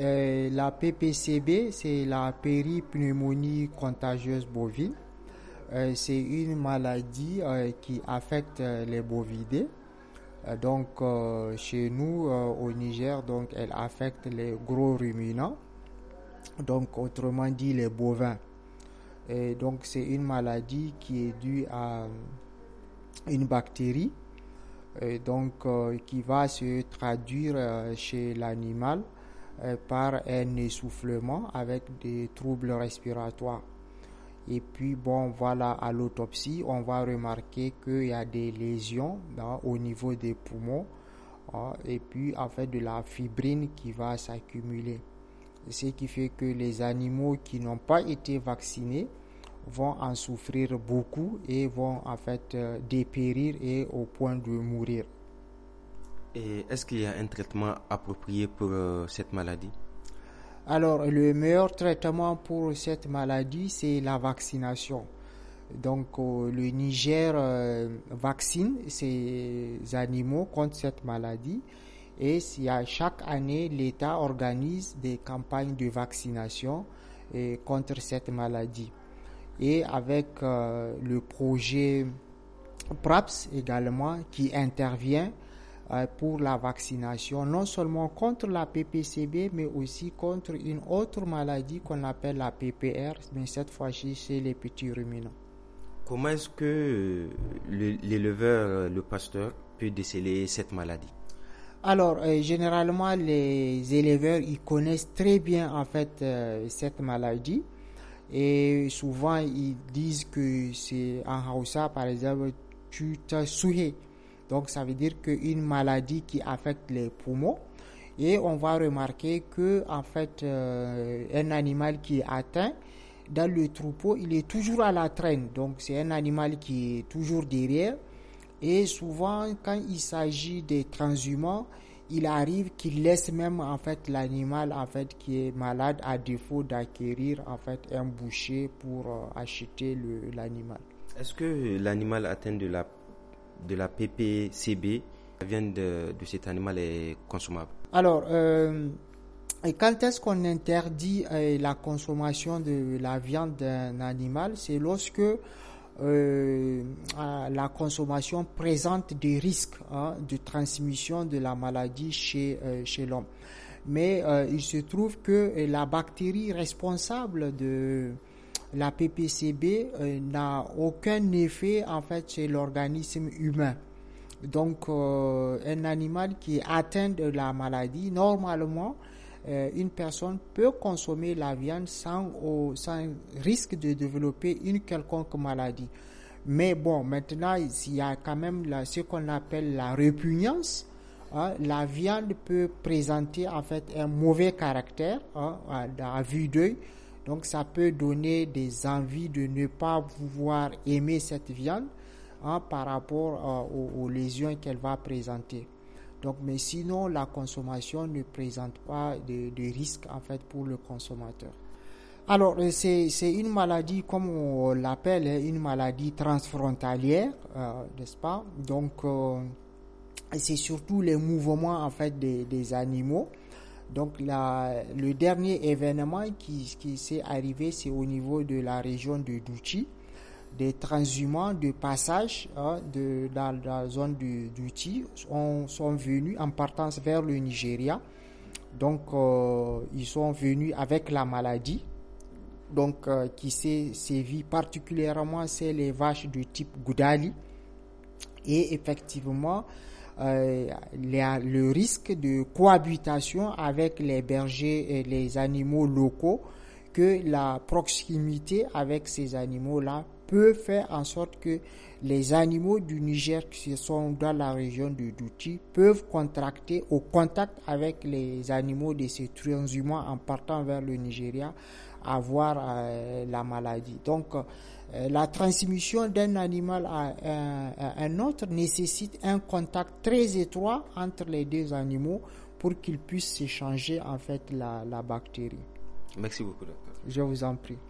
Euh, la PPCB, c'est la péripneumonie contagieuse bovine. Euh, c'est une maladie euh, qui affecte les bovidés. donc, chez nous, au Niger, elle affecte les gros ruminants. Donc, autrement dit, les bovins. donc, c'est une maladie qui est due à une bactérie. qui va se traduire chez l'animal euh, par un essoufflement avec des troubles respiratoires. Et puis, bon, voilà, à l'autopsie, on va remarquer qu'il y a des lésions au niveau des poumons hein, et puis, en fait, de la fibrine qui va s'accumuler. Ce qui fait que les animaux qui n'ont pas été vaccinés vont en souffrir beaucoup et vont en fait euh, dépérir et au point de mourir est-ce qu'il y a un traitement approprié pour euh, cette maladie Alors, le meilleur traitement pour cette maladie, c'est la vaccination. Donc, euh, le Niger euh, vaccine ses animaux contre cette maladie. Et chaque année, l'État organise des campagnes de vaccination contre cette maladie. Et avec le projet PRAPS également qui intervient euh, pour la vaccination, non seulement contre la PPCB, mais aussi contre une autre maladie qu'on appelle la PPR, mais cette fois-ci c'est les petits ruminants. Comment est-ce que euh, l'éleveur, euh, le, pasteur, peut déceler cette maladie alors, généralement, les éleveurs, ils connaissent très bien en fait cette maladie. Et souvent, ils disent que c'est en Hausa, par exemple, tu t'as souillé... Donc ça veut dire qu'une maladie qui affecte les poumons. Et on va remarquer que en fait, euh, un animal qui est atteint dans le troupeau, il est toujours à la traîne. Donc c'est un animal qui est toujours derrière. Et souvent, quand il s'agit des transhumants, il arrive qu'il laisse même en fait l'animal en fait qui est malade à défaut d'acquérir en fait un boucher pour euh, acheter l'animal. Est-ce que l'animal atteint de la de la PPCB viennent de, de, cet animal est consommable. Alors, euh, et quand est-ce qu'on interdit euh, la consommation de la viande d'un animal C'est lorsque euh, la consommation présente des risques hein, de transmission de la maladie chez, chez l'homme. Mais il se trouve que la bactérie responsable de la PPCB euh, n'a aucun effet en fait chez l'organisme humain. Donc euh, un animal qui atteint de la maladie, normalement, euh, une personne peut consommer la viande sans, risque de développer une quelconque maladie. Mais bon, maintenant, il y a quand même ce qu'on appelle la répugnance. Hein. la viande peut présenter en fait un mauvais caractère hein, à vue d'œil. Donc ça peut donner des envies de ne pas pouvoir aimer cette viande hein, par rapport euh, aux, lésions qu'elle va présenter. Donc, mais sinon, la consommation ne présente pas de, risque fait pour le consommateur. Alors, euh, c'est une maladie, comme on l'appelle, hein, une maladie transfrontalière, euh, n'est-ce pas Donc, c'est surtout les mouvements en fait des animaux donc la, le dernier événement qui, qui s'est arrivé, c'est au niveau de la région de Douchi, des transhumants de passage hein, de, dans, la zone de Douchi sont, sont venus en partance vers le Nigeria. Donc euh, ils sont venus avec la maladie, donc euh, qui s'est sévi particulièrement, c'est les vaches de type Goudali. Et effectivement, euh, le risque de cohabitation avec les bergers et les animaux locaux que la proximité avec ces animaux-là peut faire en sorte que les animaux du Niger qui sont dans la région de Douti peuvent contracter au contact avec les animaux de ces humains en partant vers le Nigeria avoir euh, la maladie. Donc euh, la transmission d'un animal à un, autre nécessite un contact très étroit entre les deux animaux pour qu'ils puissent s'échanger en fait la, la bactérie. Merci beaucoup docteur. Je vous en prie.